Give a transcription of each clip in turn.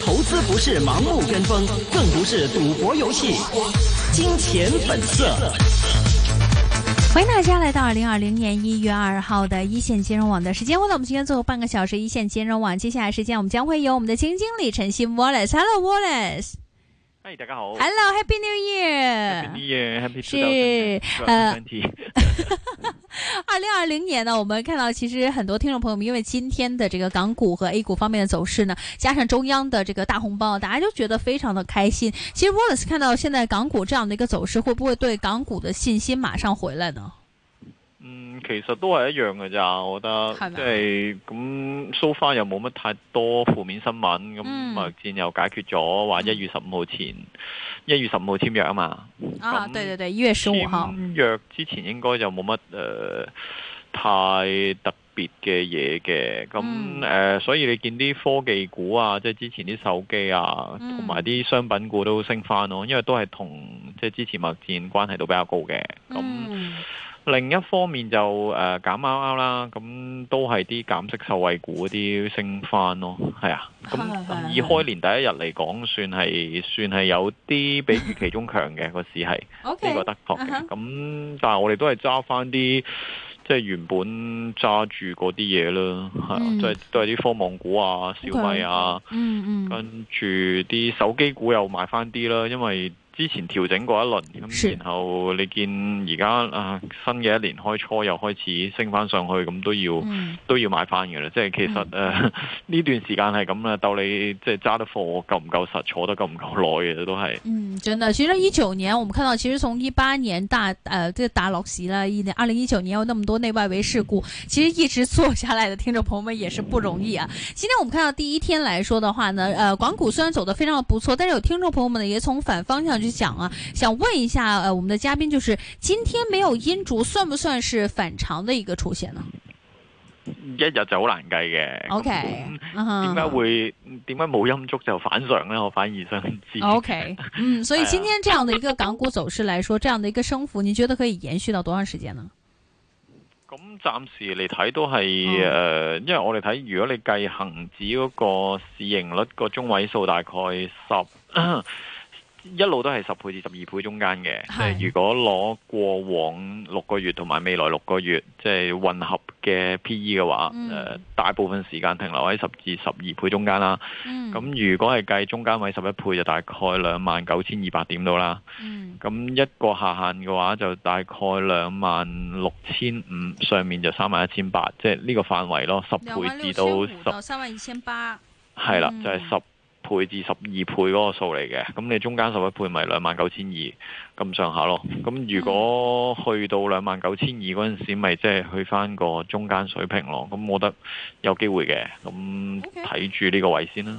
投資不是盲目跟風，更不是賭博遊戲。金錢本色，歡迎大家來到二零二零年一月二號的一線金融網的時間。為了我們今天最後半個小時一線金融網，接下來時間我們將會有我們的基金經理陳昕 Wallace。Hello Wallace，嗨，大家好。Hello Happy New Year。Happy New Year Happy New Year。是，呃。二零二零年呢，我們看到其實很多聽眾朋友們，因為今天的這個港股和 A 股方面的走勢呢，加上中央的這個大紅包，大家都覺得非常的開心。其實 Wallace 看到現在港股這樣的一個走勢，會不會對港股的信心馬上回來呢？嗯，其實都是一樣嘅咋，我覺得即係咁，so far 又冇乜太多負面新聞，咁貿易戰又解決咗，話一月十五號前。一月十五號簽約啊嘛，啊對對對，一月十五號簽約之前應該就冇乜誒太特別嘅嘢嘅，咁誒、呃、所以你見啲科技股啊，即係之前啲手機啊，同埋啲商品股都升翻咯，因為都係同即係之前貿易戰關係都比較高嘅，咁。嗯另一方面就誒、呃、減貓貓啦，咁、嗯、都係啲減息受惠股啲升翻咯，係啊，咁以開年第一日嚟講，算係算係有啲比預期中強嘅個市係，呢個得確嘅。咁但係我哋都係揸翻啲即係原本揸住嗰啲嘢啦，係啊，都係都係啲科網股啊、小米啊，嗯嗯，跟住啲手機股又買翻啲啦，因、嗯、為。嗯之前調整過一輪是然後你見而家啊，新嘅一年開初又開始升翻上去，咁都要、嗯、都要買翻嘅啦。即係其實誒呢、嗯呃、段時間係咁啦，到你即係揸得貨夠唔夠實，坐得夠唔夠耐嘅都係。嗯，真的，其實一九年我們看到，其實從一八年大誒即係打落時啦，二零一九年有那麼多內外圍事故，其實一直坐下來的聽眾朋友們也是不容易啊。嗯、今天我們看到第一天來說的話呢，誒港股雖然走得非常不錯，但是有聽眾朋友們呢也從反方向。想啊，想問一下，呃，我們的嘉賓，就是今天沒有陰燭，算不算是反常的一個出現呢、啊？一日就好難計嘅。O K，點解會點解冇陰燭就反常呢？我反而想知。O Okay . K， 嗯，所以今天這樣的一個港股走勢來說， 這樣的一個升幅，你覺得可以延續到多長時間呢？咁暫時嚟睇都係，誒、uh，huh. 因為我哋睇，如果你計恒指嗰個市盈率個中位數，大概十。 一路都係十倍至十二倍中間嘅，即係是如果攞過往六個月同埋未來六個月，即、就、係、是、混合嘅 P E 嘅話，誒、嗯呃，大部分時間停留喺十至十二倍中間啦。咁、嗯、如果係計中間位十一倍就大概兩萬九千二百點到啦。咁、嗯、一個下限嘅話就大概兩萬六千五，上面就三萬一千八，即係呢個範圍咯，十倍至 10, 到十。三萬二千八。係啦，嗯、就係十。倍至十二倍嗰個數嚟嘅，咁你中間十一倍咪兩萬九千二咁上下咯。咁如果去到兩萬九千二嗰陣時，咪即係去翻個中間水平咯。咁我覺得有機會嘅，咁睇住呢個位先啦。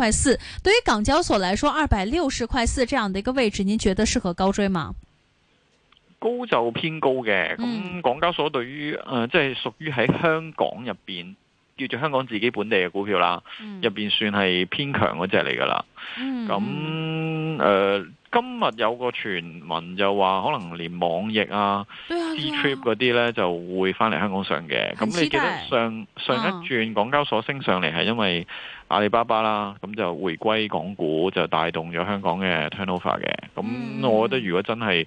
塊四，對於港交所來說，二百六十塊四這樣的一個位置，您覺得適合高追嗎？高就偏高嘅，咁、嗯、港交所對於誒，即、呃、係、就是、屬於喺香港入邊叫做香港自己本地嘅股票啦，入邊、嗯、算係偏強嗰隻嚟㗎啦，咁誒、嗯。今日有個傳聞就話，可能連網易啊、Ctrip 嗰啲呢就會返嚟香港上嘅。咁你記得上上一轉，港交所升上嚟係因為阿里巴巴啦，咁就回歸港股就帶動咗香港嘅 turnover 嘅。咁我覺得如果真係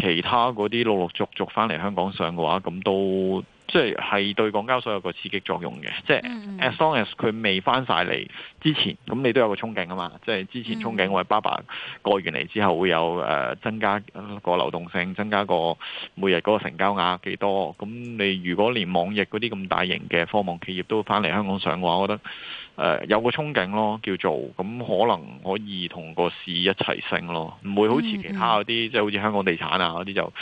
其他嗰啲陸陸續續返嚟香港上嘅話，咁都。即係對港交所有個刺激作用嘅，即係、mm hmm. As long as 佢未翻晒嚟之前，咁你都有個憧憬啊嘛！即係之前憧憬我係爸爸過完嚟之後會有誒、呃、增加個流動性，增加個每日嗰個成交額幾多。咁你如果連網易嗰啲咁大型嘅科網企業都返嚟香港上嘅話，我覺得。呃、有個憧憬咯，叫做咁、嗯、可能可以同個市一齊升咯，唔會好似其他嗰啲、嗯嗯、即係好似香港地產啊嗰啲就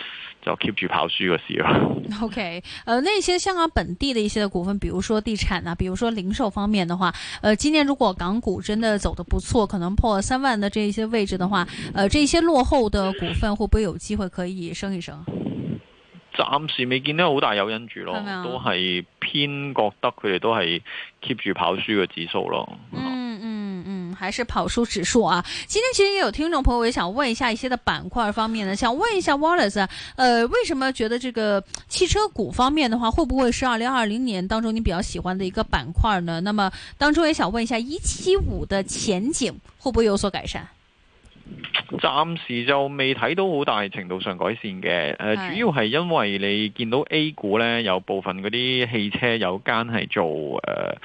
就 keep 住跑輸個市咯。OK，誒那些香港本地的一些股份，比如說地產啊，比如說零售方面的話，誒、呃、今年如果港股真的走得不錯，可能破三萬的這些位置的話，誒、呃、這些落後的股份會不會有機會可以升一升？暫時未見到好大誘因住咯。是是都係偏覺得佢哋都係 keep 住跑輸嘅指數咯。嗯嗯嗯，還是跑輸指數啊！今天其實也有聽眾朋友，也想問一下一些的板塊方面呢，想問一下 Wallace，呃，為什麼覺得這個汽車股方面的話，會不會是二零二零年當中你比較喜歡的一個板塊呢？那麼當中也想問一下一七五的前景會不會有所改善？暫時就未睇到好大程度上改善嘅，誒、呃，主要係因為你見到 A 股咧有部分嗰啲汽車有間係做誒、呃、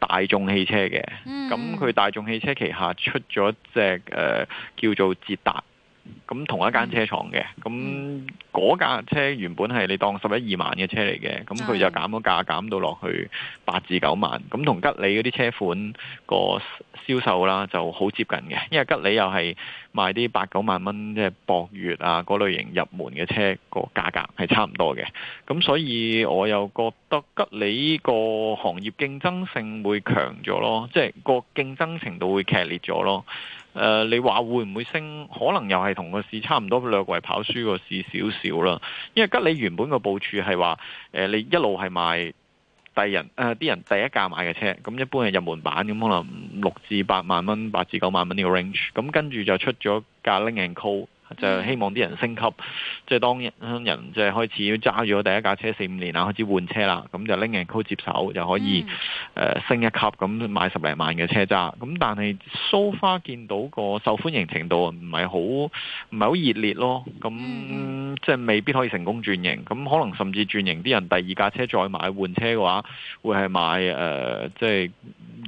大眾汽車嘅，咁佢大眾汽車旗下出咗一隻誒、呃、叫做捷達。咁同一間車廠嘅，咁嗰架車原本係你當十一二萬嘅車嚟嘅，咁佢、嗯、就減咗價，減到落去八至九萬。咁同吉利嗰啲車款個銷售啦，就好接近嘅，因為吉利又係賣啲八九萬蚊即係博越啊嗰類型入門嘅車個價格係差唔多嘅。咁所以我又覺得吉利個行業競爭性會強咗咯，即係個競爭程度會劇烈咗咯。誒、呃，你話會唔會升？可能又係同個市差唔多，佢略為跑輸個市少少啦。因為吉利原本個部署係話，誒、呃，你一路係賣第人，誒、呃，啲人第一架買嘅車，咁、嗯、一般係入門版，咁、嗯、可能六至八萬蚊，八至九萬蚊呢個 range，咁、嗯、跟住就出咗架 Lynk & Co。就希望啲人升級，即係當人即係開始要揸住咗第一架車四五年啊開始換車啦，咁就拎人購接手就可以誒、嗯呃、升一級咁買十零萬嘅車揸。咁、嗯、但係 so far 見到個受歡迎程度唔係好唔係好熱烈咯。咁、嗯、即係未必可以成功轉型。咁、嗯、可能甚至轉型啲人第二架車再買換車嘅話會係買誒、呃、即係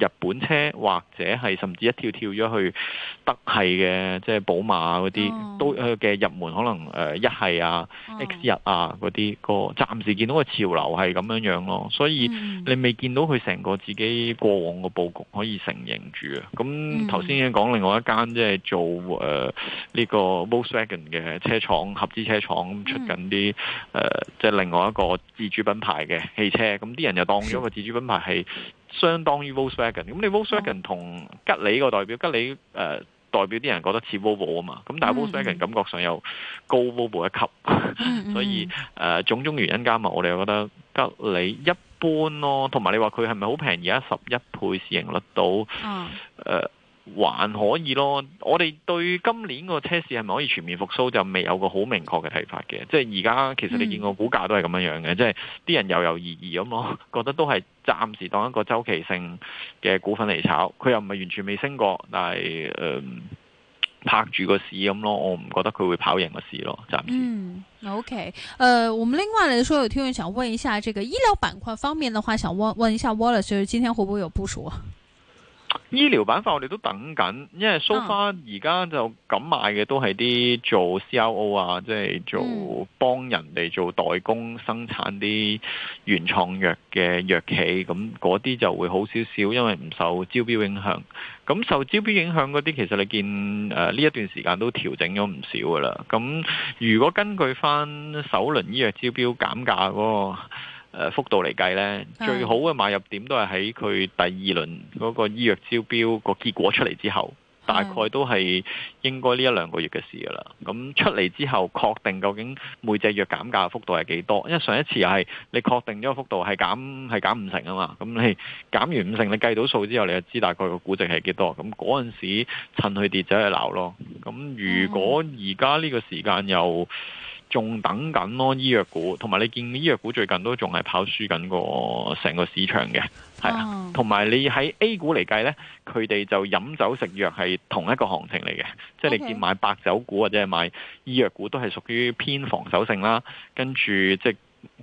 日本車或者係甚至一跳跳咗去德係嘅，即係寶馬啲、嗯、都。嘅入門可能誒、呃、一系啊 X 一啊嗰啲個，暫時見到個潮流係咁樣樣咯，所以你未見到佢成個自己過往個佈局可以成形住啊。咁頭先已經講另外一間即係做誒呢、呃這個 Volkswagen 嘅車廠合資車廠出緊啲誒，即係、嗯呃就是、另外一個自主品牌嘅汽車，咁啲人又當咗個自主品牌係相當於 Volkswagen。咁你 Volkswagen 同吉利個代表，吉利誒。呃代表啲人覺得似 Volvo 啊嘛，咁但係沃斯頓人感覺上又高 Volvo 一級，mm hmm. 所以誒、呃、種種原因加埋，我哋又覺得吉利一般咯。同埋你話佢係咪好平？而家十一倍市盈率到，誒、oh. 呃。還可以咯，我哋對今年個車市係咪可以全面復蘇就未有個好明確嘅睇法嘅，即係而家其實你見個股價都係咁樣樣嘅，嗯、即係啲人猶猶疑疑咁咯，覺得都係暫時當一個周期性嘅股份嚟炒，佢又唔係完全未升過，但係誒、呃、拍住個市咁咯，我唔覺得佢會跑贏個市咯，暫時。o k 誒，我們另外嚟說，有聽眾想問一下，這個醫療板塊方面的話，想問問一下 Wallace，就今天會不會有部署啊？醫療板塊我哋都等緊，因為 so far 而家就敢買嘅都係啲做 CRO 啊，即係做幫人哋做代工生產啲原創藥嘅藥企，咁嗰啲就會好少少，因為唔受招標影響。咁受招標影響嗰啲，其實你見誒呢一段時間都調整咗唔少噶啦。咁如果根據翻首輪醫藥招標減價喎。誒、呃、幅度嚟計呢，最好嘅買入點都係喺佢第二輪嗰個醫藥招標個結果出嚟之後， 大概都係應該呢一兩個月嘅事噶啦。咁出嚟之後確定究竟每隻藥減價幅度係幾多？因為上一次係你確定咗幅度係減，係減五成啊嘛。咁你減完五成，你計到數之後，你就知大概個估值係幾多。咁嗰陣時趁佢跌就去鬧咯。咁如果而家呢個時間又？ 仲等緊咯，醫藥股，同埋你見醫藥股最近都仲係跑輸緊個成個市場嘅，係啊、oh.，同埋你喺 A 股嚟計呢，佢哋就飲酒食藥係同一個行情嚟嘅，即係你見買白酒股或者係買醫藥股都係屬於偏防守性啦，跟住即、係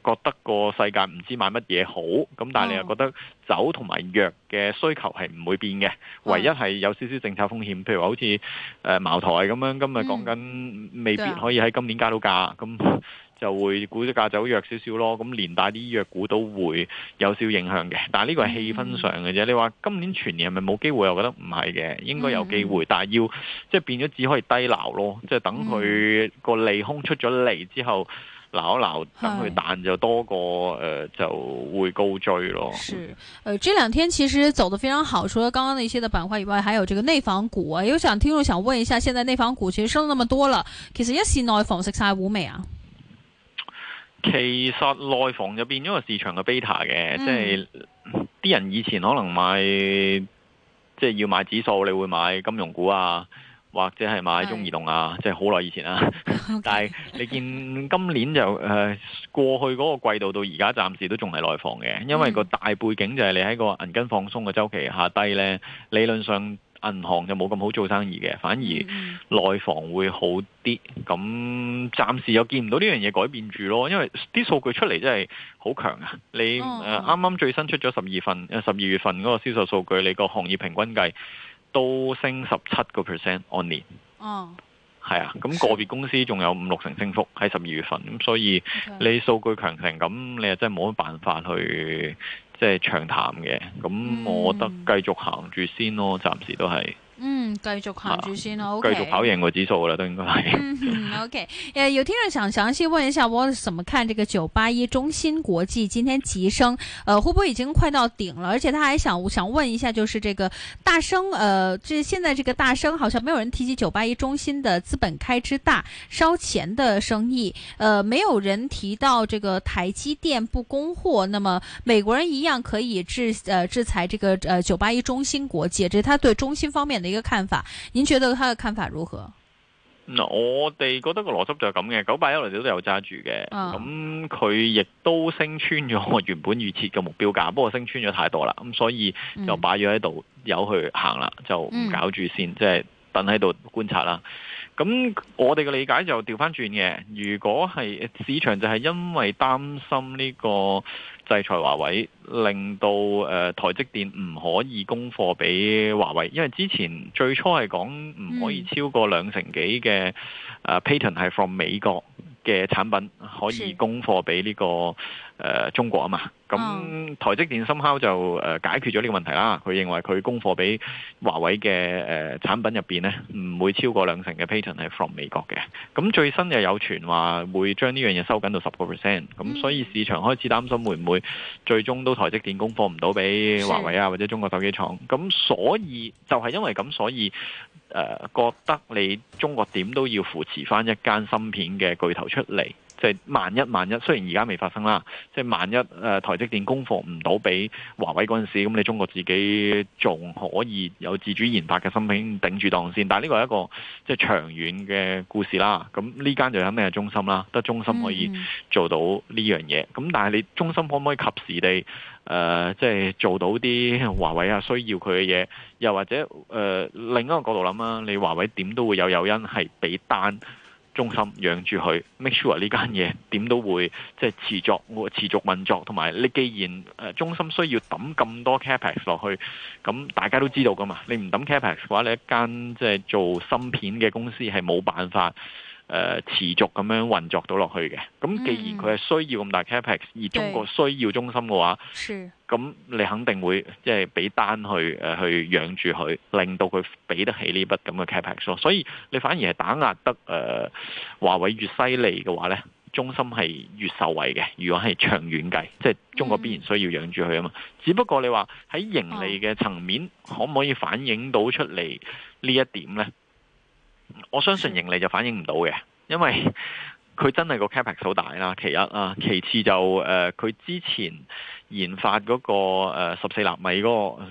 覺得個世界唔知買乜嘢好，咁但係你又覺得酒同埋藥嘅需求係唔會變嘅，唯一係有少少政策風險，譬如話好似誒茅台咁樣，今日講緊未必可以喺今年加到價，咁、嗯嗯、就會股價走弱少少咯。咁連帶啲藥股都會有少影響嘅，但係呢個係氣氛上嘅啫。你話今年全年係咪冇機會？我覺得唔係嘅，應該有機會，但係要即係變咗只可以低撈咯，即係等佢個利空出咗嚟之後。撈一撈，等佢彈就多過誒、呃，就會高追咯。是，誒、呃，這兩天其實走得非常好，除咗剛剛那些嘅板塊以外，還有這個內房股、啊。有想聽眾想問一下，現在內房股其實升咗那麼多了，其實一線內房食晒股未啊？其實內房就變咗個市場嘅 beta 嘅，嗯、即係啲人以前可能買，即係要買指數，你會買金融股啊。或者係買中移動啊，是即係好耐以前啊， 但係你見今年就誒、呃、過去嗰個季度到而家，暫時都仲係內房嘅，因為個大背景就係你喺個銀根放鬆嘅周期下低呢，理論上銀行就冇咁好做生意嘅，反而內房會好啲。咁暫時又見唔到呢樣嘢改變住咯，因為啲數據出嚟真係好強啊！你誒啱啱最新出咗十二份，十二月份嗰個銷售數據，你個行業平均計。都升十七個 percent 按年，哦、oh.，係啊，咁個別公司仲有五六成升幅喺十二月份，咁所以你數據強成咁，你又真係冇乜辦法去即係長談嘅，咁我覺得繼續行住先咯，暫時都係。嗯，繼續看住先咯。啊、Okay 繼續跑贏個指數了，都應該係。嗯 ，OK，呃、yeah,，有聽眾想詳細問一下，我怎麼看這個九八一中芯國際今天急升？呃，會不會已經快到頂了？而且他還想我想問一下，就是這個大升，呃，這現在這個大升，好像沒有人提起九八一中芯的資本開支大燒錢的生意，呃，沒有人提到這個台積電不供貨，那麼美國人一樣可以制呃制裁這個呃，、這個、呃九八一中芯國際，這是他對中芯方面的，一個看法，您覺得他的看法如何？嗱、嗯，我哋覺得個邏輯就係咁嘅，九八一嚟到都有揸住嘅，咁佢亦都升穿咗原本預設嘅目標價，不過升穿咗太多啦，咁所以就擺咗喺度有去行啦，就唔搞住先，即係等喺度觀察啦。咁我哋嘅理解就調翻轉嘅。如果係市場就係因為擔心呢個制裁華為，令到誒、呃、台積電唔可以供貨俾華為，因為之前最初係講唔可以超過兩成幾嘅、mm. uh, patent 係 from 美國。嘅產品可以供貨俾呢個誒中國啊嘛，咁台積電深烤就誒解決咗呢個問題啦。佢認為佢供貨俾華為嘅誒產品入邊咧，唔會超過兩成嘅 patent 係 from 美國嘅。咁最新又有傳話會將呢樣嘢收緊到十個 percent，咁所以市場開始擔心會唔會最終都台積電供貨唔到俾華為啊或者中國手機廠。咁所以就係因為咁，所以。誒、uh，覺得你中國點都要扶持翻一間芯片嘅巨頭出嚟。即係萬一萬一，雖然而家未發生啦。即、就、係、是、萬一誒、呃、台積電供貨唔到俾華為嗰陣時，咁你中國自己仲可以有自主研發嘅芯片頂住檔先。但係呢個係一個即係、就是、長遠嘅故事啦。咁呢間就有咩係中芯啦，得中芯可以做到呢樣嘢。咁、嗯、但係你中芯可唔可以及時地誒即係做到啲華為啊需要佢嘅嘢？又或者誒、呃、另一個角度諗啊，你華為點都會有誘因係俾單。中心養住佢，make sure 呢間嘢點都會即係持續會持續運作，同埋你既然誒中心需要抌咁多 capex 落去，咁大家都知道㗎嘛，你唔抌 capex 嘅話，你一間即係做芯片嘅公司係冇辦法。呃、持續咁樣運作到落去嘅，咁、嗯、既然佢係需要咁大 capex，而中國需要中芯嘅話，是，咁、嗯、你肯定會即係俾單去誒、呃，去養住佢，令到佢俾得起呢筆咁嘅 capex 咯。所以你反而係打壓得誒、呃，華為越犀利嘅話呢，中芯係越受惠嘅。如果係長遠計，即係中國必然需要養住佢啊嘛。嗯、只不過你話喺盈利嘅層面，哦、可唔可以反映到出嚟，呢一點呢？我相信盈利就反映唔到嘅，因為佢真係個 capex 好大啦，其一啊，其次就誒，佢、呃、之前研發、嗰個誒十四納米、嗰個誒、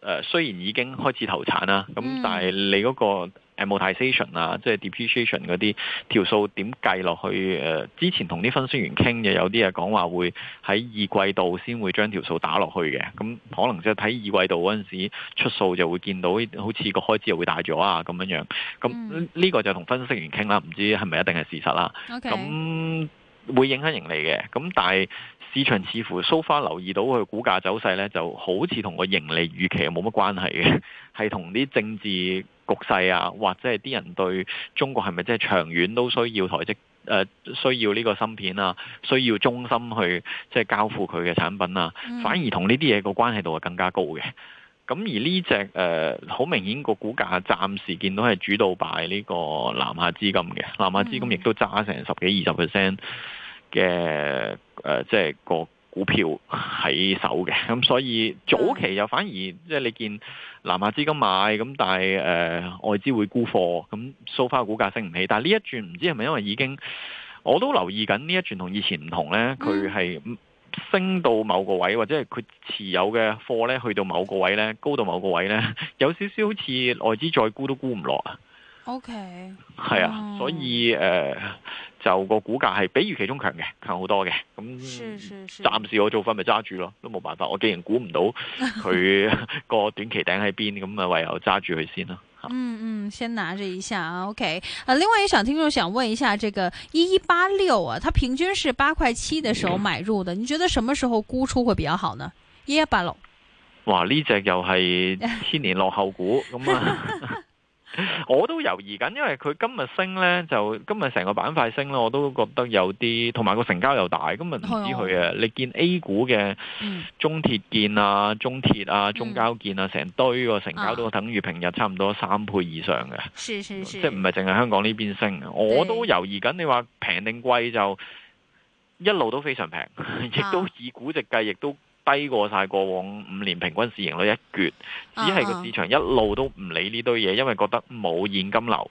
呃，雖然已經開始投產啦，咁但係你、嗰個。嗯 amortisation 啊，即係 depreciation 嗰啲條數點計落去？誒、呃，之前同啲分析員傾嘅，有啲啊講話會喺二季度先會將條數打落去嘅，咁、嗯、可能即係睇二季度嗰陣時出數就會見到好似個開支又會大咗啊咁樣樣。咁、嗯、呢、嗯、個就同分析員傾啦，唔知係咪一定係事實啦。咁 Okay.、嗯、會影響盈利嘅。咁、嗯、但係。市場似乎 so far，留意到佢股價走勢咧，就好似同個盈利預期冇乜關係嘅，係同啲政治局勢啊，或者係啲人對中國係咪即係長遠都需要台積誒、呃、需要呢個芯片啊，需要中心去即係交付佢嘅產品啊，mm hmm. 反而同呢啲嘢個關係度係更加高嘅。咁而呢隻誒好明顯個股價暫時見到係主導擺呢個南下資金嘅，南下資金亦都揸成十幾二十 percent。Mm hmm. 嘅誒、呃，即係個股票喺手嘅，咁、嗯、所以早期又反而即係你見南亞資金買，咁、嗯、但係誒、呃、外資會沽貨，咁 so far 股價升唔起，但係呢一轉唔知係咪因為已經我都留意緊呢一轉同以前唔同呢，佢係升到某個位，或者係佢持有嘅貨呢去到某個位呢，高到某個位呢，有少少好似外資再沽都沽唔落啊。O K. 係啊，所以誒。呃就個股價係比預期中強嘅，強好多嘅。咁、嗯、暫是時我做分咪揸住咯，都冇辦法。我既然估唔到佢個短期頂喺邊，咁咪 唯有揸住佢先咯。嗯嗯，先拿住一下 OK，啊、另外有小聽眾想問一下，這個一一八六啊，它平均是八塊七的時候買入的，嗯、你覺得什麼時候沽出會比較好呢？一一八六，哇！呢隻又係千年落後股咁啊。 我都猶豫緊，因為佢今日升呢，就今日成個板塊升咯，我都覺得有啲，同埋個成交又大，今日唔知佢啊。 你見 A 股嘅中鐵建啊、中鐵啊、中交建啊，成堆個成交都等於平日差唔多三倍以上嘅， 是是是，即係唔係淨係香港呢邊升。對 我都猶豫緊，你話平定貴就一路都非常平， 亦都以估值計，亦都。低過晒過往五年平均市盈率一橛，uh huh. 只係個市場一路都唔理呢堆嘢，因為覺得冇現金流。誒、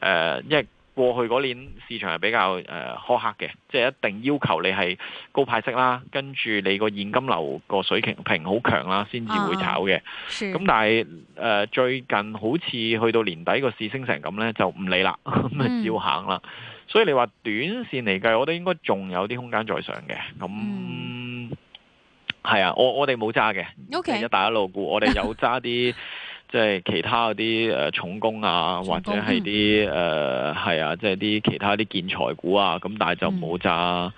呃，因為過去嗰年市場係比較誒苛刻嘅，即、呃、係、就是、一定要求你係高派息啦，跟住你個現金流個水平好強啦，先至會炒嘅。咁、uh huh. 但係誒、呃，最近好似去到年底個市升成咁呢，就唔理啦，咁 啊照行啦。Mm hmm. 所以你話短線嚟計，我覺得應該仲有啲空間在上嘅。咁。Mm hmm. 係啊，我我哋冇揸嘅，Okay. 一大一路沽，我哋有揸啲。 即係其他嗰啲誒重工啊，或者係啲誒係啊，即係啲其他啲建材股啊，咁但係就冇炸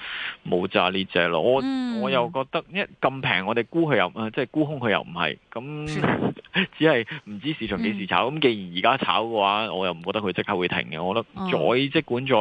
冇、嗯、炸呢隻咯。我我又覺得，一咁平，我哋沽佢又，即係沽空佢又唔係，咁只係唔知市場幾時炒。咁的、嗯、既然而家炒嘅話，我又唔覺得佢即刻會停嘅。我覺得再即管再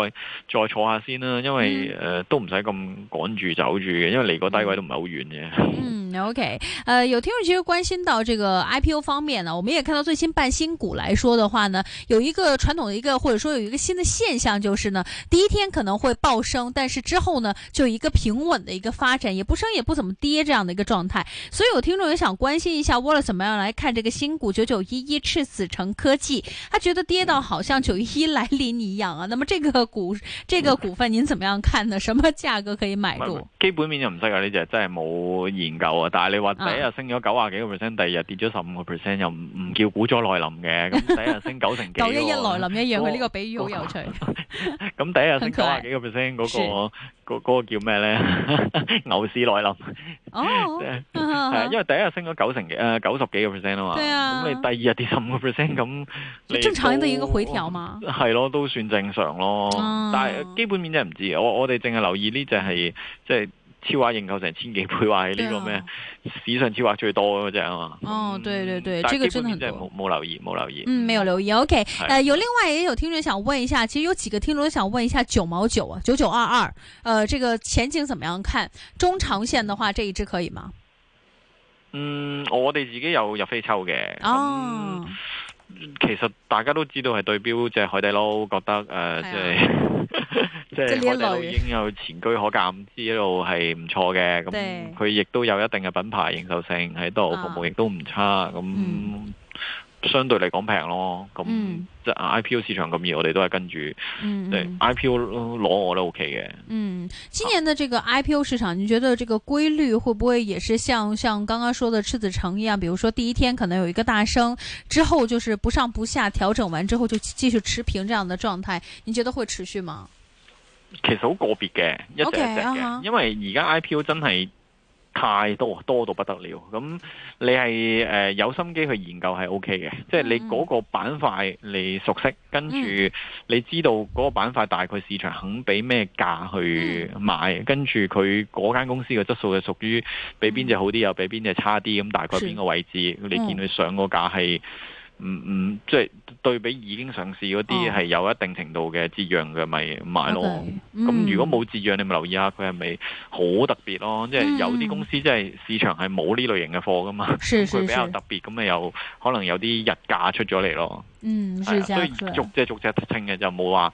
再坐下先啦，因為誒、嗯呃、都唔使咁趕住走住嘅，因為離個低位都唔係好遠嘅。嗯，OK，誒、uh, 有聽眾其實關心到呢個 IPO 方面啊，我，我們看到最新半新股來說的話呢，有一個傳統的一個，或者說有一個新的現象，就是呢，第一天可能會暴升，但是之後呢，就一個平穩的一個發展，也不升也不怎麼跌這樣的一個狀態。所以有聽眾也想關心一下 Wallace 怎麼樣來看這個新股九九一一赤子城科技？他覺得跌到好像九一來臨一樣啊。那麼這個股這個股份您怎麼樣看呢？什麼價格可以買入？基本面就唔識啊，呢隻真係冇研究啊。但係你話第一日升咗九啊幾個 percent，第二日跌咗十五個 percent，又唔唔。叫股災來臨嘅，咁第一日升九成幾、哦，九一 一來臨一樣嘅呢，哦，個比喻好有趣。咁 第一日升九啊幾個 percent，嗰， 嗰個，嗰個叫咩咧？ 牛市來臨。哦，係因為第一日升咗九成幾，誒九十幾個 percent 啊嘛。對啊。咁你第二日跌十五個 percent 咁，正常嘅一個回調嘛。係咯， 啊，都算正常咯。嗯，但係基本面真係唔知，我我哋淨係留意呢隻係即係。就是就是超購認購成千幾倍，話喺呢個咩、啊、史上超購最多嗰隻啊嘛。哦，對對對，呢個真係冇冇留意，冇留意。嗯，沒有留意。OK，誒是、呃，有另外也有聽眾想問一下，其實有幾個聽眾想問一下九毛九啊，九九二二，誒，這個前景怎麼樣看？中長線的話，這一隻可以嗎？嗯，我哋自己有入飛抽嘅，哦、嗯，其實大家都知道係對標即係、就是、海底撈，覺得誒即係。呃 即係我哋已經有前居可鑑，知一路係唔錯嘅。咁佢亦都有一定嘅品牌認受性，喺度、啊，服務亦都唔差。咁相對嚟講平咯。咁即係 IPO 市場咁熱，我哋都係跟住，IPO 即攞我都 OK 嘅。嗯，今年嘅這個 IPO 市場，你覺得這個規律會不會也是像像剛剛說的赤子城一樣？比如說第一天可能有一個大升，之後就是不上不下調整完之後就繼續持平這樣的狀態，你覺得會持續嗎？其實好個別嘅，一隻一隻嘅，因為而家 IPO 真係太多，多到不得了。咁你係誒、呃、有心機去研究係 OK 嘅，即係你嗰個板塊你熟悉，跟住你知道嗰個板塊大概市場肯俾咩價去買，跟住佢嗰間公司嘅質素係屬於比邊隻好啲，又比邊隻差啲，咁大概邊個位置，你見佢上個價係。唔唔，即係對比已經上市嗰啲係有一定程度嘅折讓嘅，咪買咯。咁如果冇折讓，你咪留意下佢係咪好特別咯。即係有啲公司即係市場係冇呢類型嘅貨㗎嘛，佢比較特別，咁咪又可能有啲日價出咗嚟咯。嗯，係啊，所以逐隻逐隻清嘅，就冇話。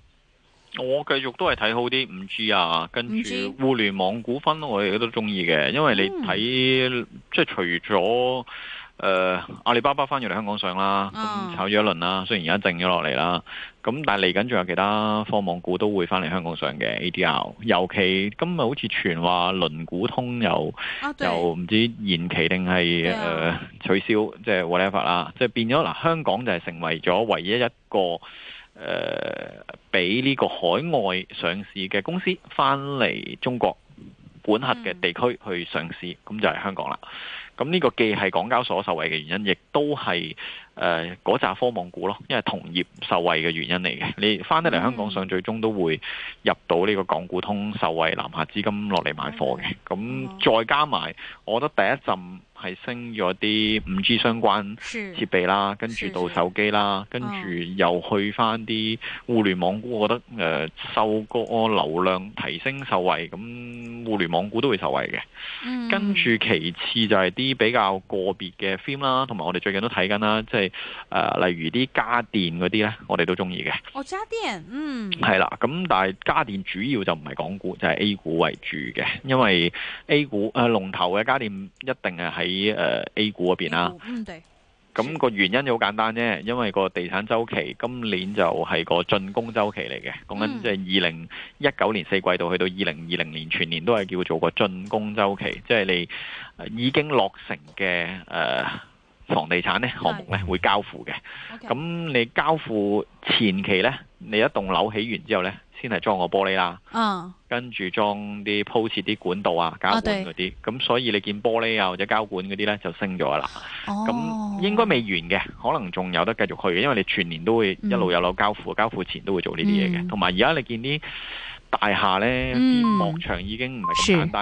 我繼續都係睇好啲五 G 啊，跟住互聯網股份我而家都中意嘅，因為你睇、嗯、即係除咗誒、呃、阿里巴巴翻咗嚟香港上啦，啊嗯、炒咗一輪啦，雖然而家靜咗落嚟啦，咁但係嚟緊仲有其他科網股都會翻嚟香港上嘅 ADR，尤其今日好似傳話輪股通又、啊、又唔知延期定係誒取消，即係 whatever 啦，即係變咗嗱、呃、香港就係成為咗唯一一個。誒，俾呢、呃、個海外上市嘅公司返嚟中國管轄嘅地區去上市，咁、嗯、就係香港啦。咁呢個既係港交所受惠嘅原因，亦都係。誒嗰紮科網股咯，因為同業受惠嘅原因嚟嘅。你翻得嚟香港、嗯、上，最終都會入到呢個港股通受惠南下資金落嚟買貨嘅。咁、嗯、再加埋，我覺得第一陣係升咗啲 5G 相關設備啦，是跟住到手機啦，是是跟住又去翻啲互聯網股。我覺得誒、呃、受個流量提升受惠，咁互聯網股都會受惠嘅。嗯、跟住其次就係啲比較個別嘅 film 啦，同埋我哋最近都睇緊啦，即係。誒、呃，例如啲家電嗰啲呢，我哋都中意嘅。哦，家電，嗯，係啦，咁但係家電主要就唔係港股，就係、是、A 股為主嘅，因為 A 股誒、呃、龍頭嘅家電一定係喺誒 A 股嗰邊啦。咁、嗯嗯嗯、個原因就好簡單啫，因為個地產周期今年就係個進攻周期嚟嘅，講緊即係二零一九年四季度去到二零二零年全年都係叫做個進攻周期，即係你、呃、已經落成嘅誒。呃房地產咧項目咧會交付嘅，咁你交付前期咧，你一棟樓起完之後咧，先係裝個玻璃啦，跟住裝啲鋪設啲管道啊、膠管嗰啲，咁所以你見玻璃啊或者膠管嗰啲咧就升咗啦。咁應該未完嘅，可能仲有得繼續去嘅，因為你全年都會一路有樓交付，交付前都會做呢啲嘢嘅。同埋而家你見啲大廈咧，幕牆已經唔係咁簡單。